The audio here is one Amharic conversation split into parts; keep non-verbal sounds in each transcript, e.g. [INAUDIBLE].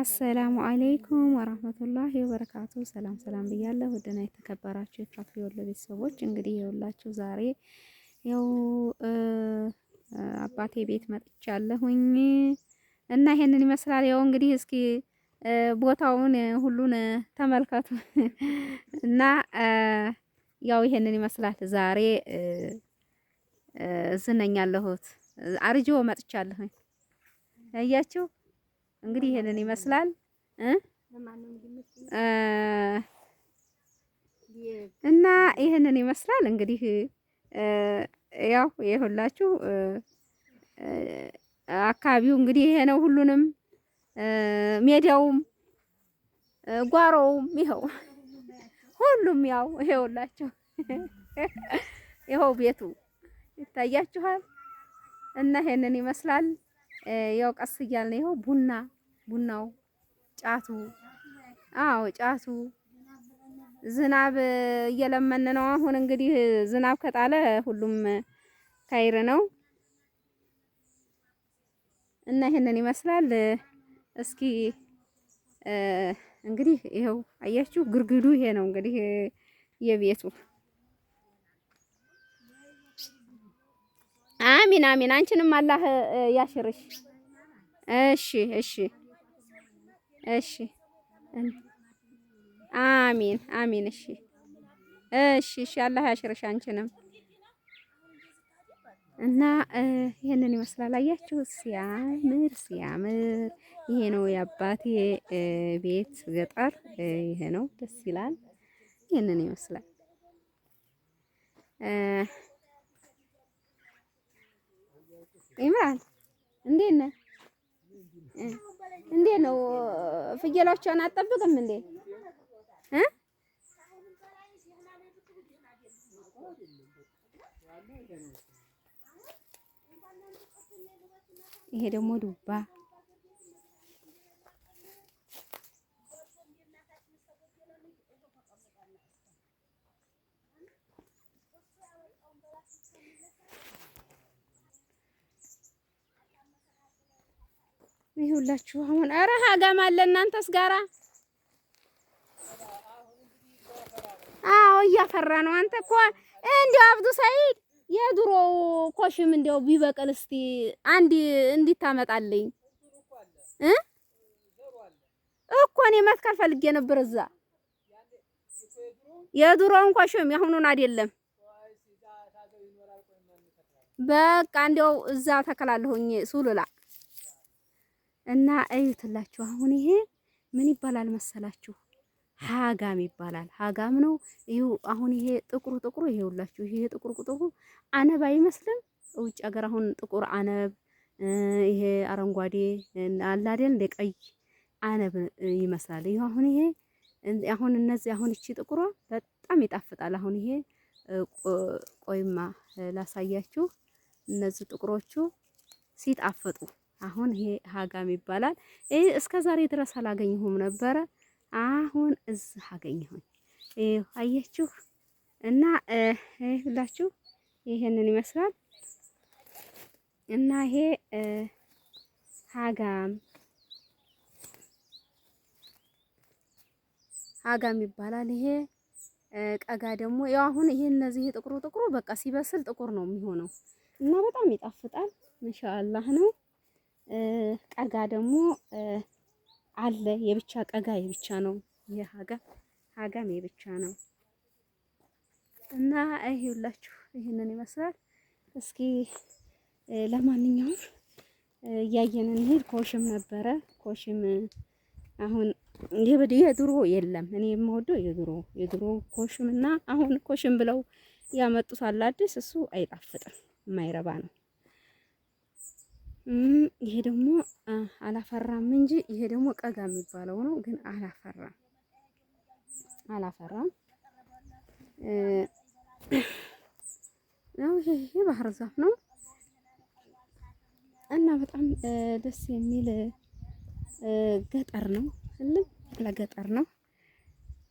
አሰላሙ አለይኩም ወራህመቱላሂ ወበረካቱ። ሰላም ሰላም ብያለሁ። ውድና የተከበራችሁ የፍራፍሬ ወሎ ቤተሰቦች እንግዲህ የሁላችሁ ዛሬ ያው አባቴ ቤት መጥቻለሁኝ እና ይሄንን ይመስላል። ያው እንግዲህ እስኪ ቦታውን ሁሉን ተመልከቱ እና ያው ይሄንን ይመስላል። ዛሬ እዝነኛለሁት አርጆ መጥቻለሁኝ። አያችሁ እንግዲህ ይሄንን ይመስላል። እና ይሄንን ይመስላል እንግዲህ ያው የሁላችሁ አካባቢው እንግዲህ ይሄ ነው። ሁሉንም ሜዳውም ጓሮውም ይኸው ሁሉም ያው ይኸውላችሁ [LAUGHS] ይኸው ቤቱ ይታያችኋል። እና ይሄንን ይመስላል ያው ቀስ እያልን ይኸው ቡና ቡናው፣ ጫቱ። አዎ ጫቱ። ዝናብ እየለመን ነው። አሁን እንግዲህ ዝናብ ከጣለ ሁሉም ካይር ነው እና ይሄንን ይመስላል። እስኪ እንግዲህ ይኸው አያችሁ፣ ግርግዱ ይሄ ነው እንግዲህ የቤቱ አሚን አሚን። አንቺንም አላህ ያሽርሽ። እሺ እሺ። እሺ አሚን አሚን። እሺ እሺ እሺ። አላህ ያሽርሽ አንቺንም እና ይሄንን ይመስላል። አያችሁ ሲያምር ሲያምር። ይሄ ነው የአባቴ ቤት ገጠር። ይሄ ነው ደስ ይላል። ይሄንን ይመስላል። ይምራል። እንዴት ነህ? እንዴ ነው ፍየሎቿን አጠብቅም እንዴ እ ይሄ ደግሞ ዱባ ይሁላችሁ አሁን አረ ሀጋም አለ እናንተስ ጋራ አዎ እያፈራ ነው። አንተ እኮ እንዲያው አብዱ ሰይድ የድሮ ኮሽም እንዲያው ቢበቅል እስቲ አንድ እንዲታመጣልኝ እ እኮ እኔ መትከል ፈልጌ ነበር እዛ የድሮውን ኮሽም የአሁኑን አይደለም። በቃ እንዲያው እዛ ተከላለሁኝ ሱሉላ እና እዩትላችሁ። አሁን ይሄ ምን ይባላል መሰላችሁ? ሀጋም ይባላል። ሀጋም ነው። ይሁ አሁን ይሄ ጥቁሩ ጥቁሩ ይሄውላችሁ፣ ይሄ ጥቁር ቁጥሩ አነብ አይመስልም? ውጭ ሀገር አሁን ጥቁር አነብ፣ ይሄ አረንጓዴ አለ እንደ ቀይ አነብ ይመስላል። ይሁ አሁን ይሄ አሁን እነዚህ አሁን እቺ ጥቁሯ በጣም ይጣፍጣል። አሁን ይሄ ቆይማ ላሳያችሁ እነዚህ ጥቁሮቹ ሲጣፍጡ አሁን ይሄ ሀጋም ይባላል። ይሄ እስከ ዛሬ ድረስ አላገኘሁም ነበረ። አሁን እዚህ አገኘሁኝ። ይሄ አየችሁ እና ይሄ ሁላችሁ ይሄንን ይመስላል እና ይሄ ሀጋም ሀጋም ይባላል። ይሄ ቀጋ ደግሞ ያው አሁን ይሄ እነዚህ ጥቁሩ ጥቁሩ በቃ ሲበስል ጥቁር ነው የሚሆነው እና በጣም ይጣፍጣል። ኢንሻአላህ ነው ቀጋ ደግሞ አለ የብቻ ቀጋ የብቻ ነው። የሀጋም ሀጋም የብቻ ነው እና ይሄ ሁላችሁ ይህንን ይመስላል። እስኪ ለማንኛውም እያየን እንሄድ። ኮሽም ነበረ ኮሽም አሁን የድሮ የለም። እኔ የምወደው የድሮ የድሮ ኮሽም እና አሁን ኮሽም ብለው ያመጡት አለ አዲስ፣ እሱ አይጣፍጥም፣ የማይረባ ነው። ይሄ ደግሞ አላፈራም እንጂ ይሄ ደግሞ ቀጋ የሚባለው ነው። ግን አላፈራም አላፈራም። ያው ይሄ ባህር ዛፍ ነው እና በጣም ደስ የሚል ገጠር ነው። ለገጠር ነው።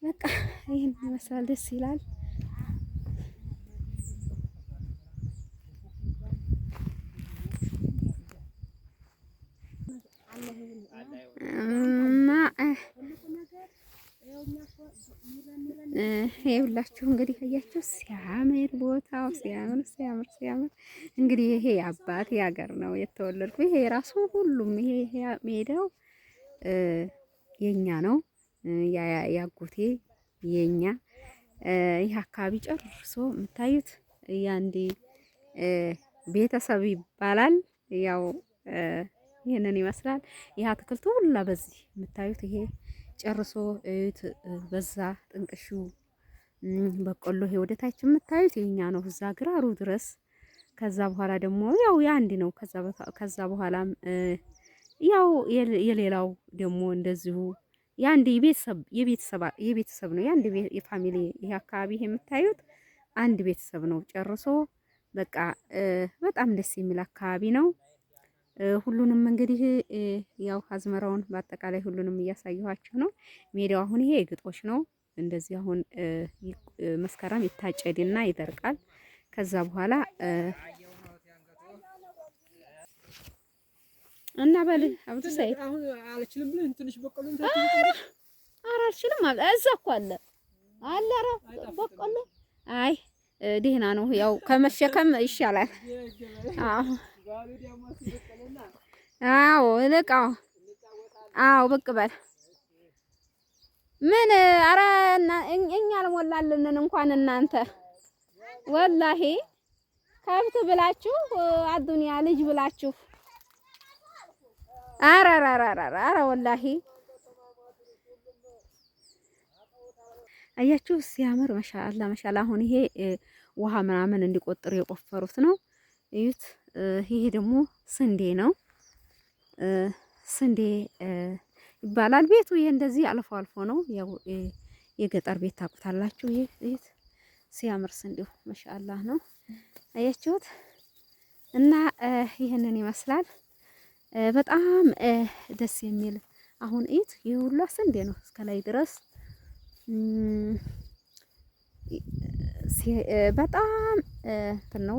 በቃ ይሄን ይመስላል። ደስ ይላል። ይኸውላችሁ እንግዲህ አያችሁ፣ ሲያምር ቦታው ሲያምር ሲያምር ሲያምር። እንግዲህ ይሄ አባት ያገር ነው የተወለድኩ። ይሄ የራሱ ሁሉም ይሄ ሜዳው የኛ ነው፣ ያጎቴ የኛ። ይህ አካባቢ ጨርሶ የምታዩት ያንዲ ቤተሰብ ይባላል። ያው ይህንን ይመስላል። ይህ አትክልቱ ሁላ በዚህ የምታዩት ይሄ ጨርሶ እዩት። በዛ ጥንቅሹ በቆሎ ይሄ ወደታች የምታዩት የኛ ነው፣ እዛ ግራሩ ድረስ። ከዛ በኋላ ደግሞ ያው የአንድ ነው። ከዛ በኋላም ያው የሌላው ደግሞ እንደዚሁ የአንድ የቤተሰብ ነው የአንድ የፋሚሊ ይሄ አካባቢ ይሄ የምታዩት አንድ ቤተሰብ ነው። ጨርሶ በቃ በጣም ደስ የሚል አካባቢ ነው። ሁሉንም እንግዲህ ያው አዝመራውን በአጠቃላይ ሁሉንም እያሳየኋችሁ ነው። ሜዳው አሁን ይሄ የግጦሽ ነው። እንደዚህ አሁን መስከረም ይታጨድና ይደርቃል። ከዛ በኋላ እና በል አብዱ ሰይድ አሁን አልችልም ብለህ እንትንሽ በቀሉ ኧረ አልችልም አለ። እዛ እኮ አለ አለ። አረ በቀሉ አይ ደህና ነው። ያው ከመሸከም ይሻላል። አዎ አዎ እልቅ አዎ ብቅ በል ምን ኧረ እኛ አልሞላልንን እንኳን እናንተ ወላሂ ከብት ብላችሁ አዱንያ ልጅ ብላችሁ ኧረ ኧረ ኧረ ወላሂ አያችሁ ሲያምር መሻላ መሻላ። አሁን ይሄ ውሃ ምናምን እንዲቆጥር የቆፈሩት ነው እዩት። ይሄ ደግሞ ስንዴ ነው። ስንዴ ይባላል ቤቱ። ይሄ እንደዚህ አልፎ አልፎ ነው። ያው የገጠር ቤት ታቁታላችሁ? ይሄ ቤት ሲያምር ስንዴው ማሻአላህ ነው። አያችሁት? እና ይህንን ይመስላል። በጣም ደስ የሚል አሁን እይት ይህ ሁሉ ስንዴ ነው እስከ ላይ ድረስ በጣም እንትን ነው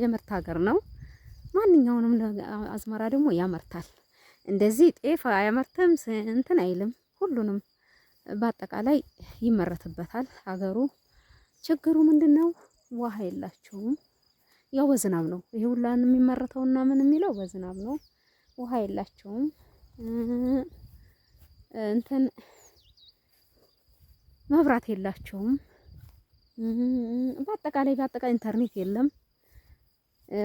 የምርት ሀገር ነው። ማንኛውንም አዝመራ ደግሞ ያመርታል። እንደዚህ ጤፍ አያመርትም እንትን አይልም። ሁሉንም በአጠቃላይ ይመረትበታል ሀገሩ። ችግሩ ምንድን ነው? ውሃ የላቸውም። ያው በዝናብ ነው ይሄ ሁላን የሚመረተውና ምን የሚለው በዝናብ ነው። ውሃ የላቸውም። እንትን መብራት የላቸውም። በአጠቃላይ በአጠቃላይ ኢንተርኔት የለም።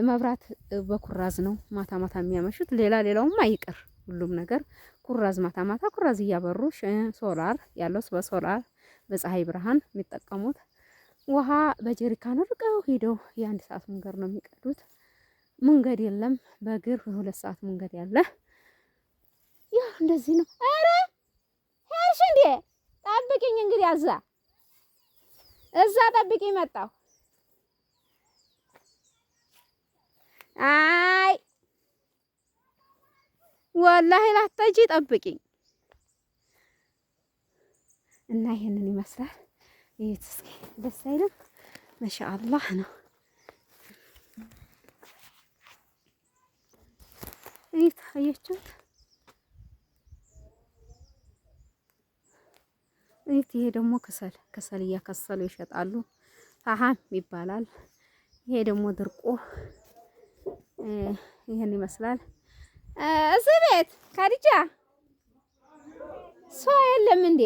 መብራት በኩራዝ ነው ማታ ማታ የሚያመሹት። ሌላ ሌላውም አይቀር ሁሉም ነገር ኩራዝ ማታ ማታ ኩራዝ እያበሩ ሶላር ያለው በሶላር በፀሐይ ብርሃን የሚጠቀሙት ውሃ በጀሪካን ርቀው ሄደው የአንድ ሰዓት መንገድ ነው የሚቀዱት። መንገድ የለም። በእግር ሁለት ሰዓት መንገድ ያለ ያ እንደዚህ ነው። ኧረ ሄድሽ እንዴ? ጠብቅኝ እንግዲህ አዛ እዛ ጠብቂ መጣሁ። አይ ወላሂ ላትጠጂ ጠብቂኝ። እና ይሄንን ይመስላል። እዩት እስኪ ደስ አይልም? ማሻአላህ ነው። እዩት አያችሁት? ይሄ ደግሞ ከሰል ከሰል እያከሰሉ ይሸጣሉ። ሀሀም ይባላል። ይሄ ደግሞ ድርቆ ይሄን ይመስላል። እዚህ ቤት ካዲጃ ሰው የለም እንዴ?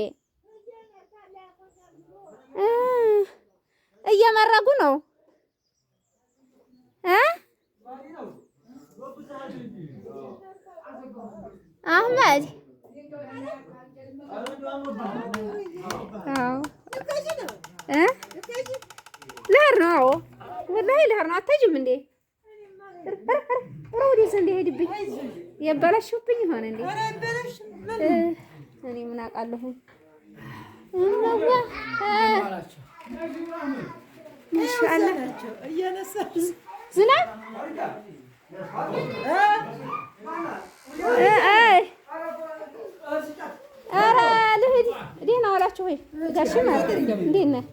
እየመረጉ ነው አህመድ ልሄድ ነው። አዎ ወላሂ ልሄድ ነው። አታጅም እንዴ? ኧረ ወዲህ እንደ ሄድብኝ የበላሽብኝ ይሆን እንዴ? እኔ ምን አውቃለሁ። ማሻአላህ ዝናብ ኧረ ልሂድ። ደህና ዋላችሁ ወይ ጋሽ? እንዴት ነህ?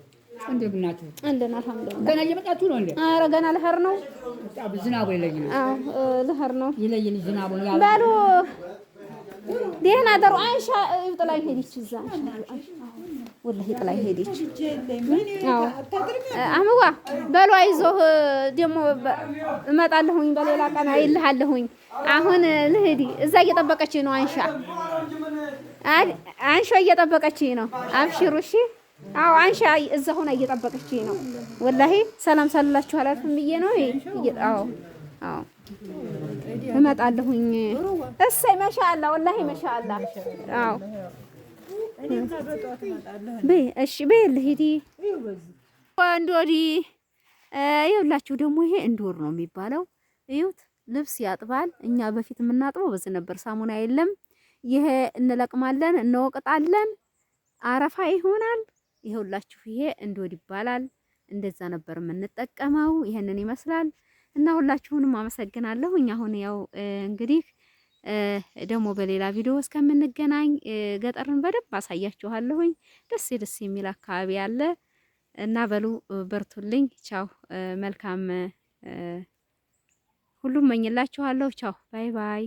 እንዴት ናችሁ? አለን አልሐምዱሊላህ። ገና እየመጣችሁ ነው እንዴ? ኧረ ገና ልሄድ ነው። ዝናቡ ይለይ ነው። አዎ ልሄድ ነው። ይለይን ዝናቡ ነው። በሉ ደህና አደሩ። አይሻ ጥላኝ ሄደች። እዛ ወላሂ ጥላኝ ሄደች። አዎ አምዋ በሉ አይዞህ። ደግሞ እመጣለሁኝ በሌላ ቀን አይልሃለሁኝ። አሁን ልሂድ። እዛ እየጠበቀች ነው አይሻ አንሻ እየጠበቀችኝ ነው። አብሽሩ እሺ። አዎ አንሻ እዛ ሆና እየጠበቀችኝ ነው። ወላሂ ሰላም ሳላችሁ አላልፍም ብዬ ነው። አዎ አዎ እመጣለሁኝ። እሰይ ማሻአላ፣ ወላሂ ማሻአላ። አዎ በይ እሺ፣ በይልህ ሂዲ እንዶዲ። ይኸውላችሁ ደግሞ ይሄ እንዶር ነው የሚባለው። እዩት፣ ልብስ ያጥባል። እኛ በፊት የምናጥበው በዚህ ነበር፣ ሳሙና የለም ይሄ እንለቅማለን፣ እንወቅጣለን፣ አረፋ ይሆናል። ይኸውላችሁ ይሄ እንዶድ ይባላል። እንደዛ ነበር የምንጠቀመው። ይሄንን ይመስላል እና ሁላችሁንም አመሰግናለሁ። እኛ አሁን ያው እንግዲህ ደግሞ በሌላ ቪዲዮ እስከምንገናኝ ገጠርን በደንብ አሳያችኋለሁኝ። ደስ ደስ የሚል አካባቢ አለ እና በሉ በርቱልኝ። ቻው፣ መልካም ሁሉም መኝላችኋለሁ። ቻው፣ ባይ ባይ።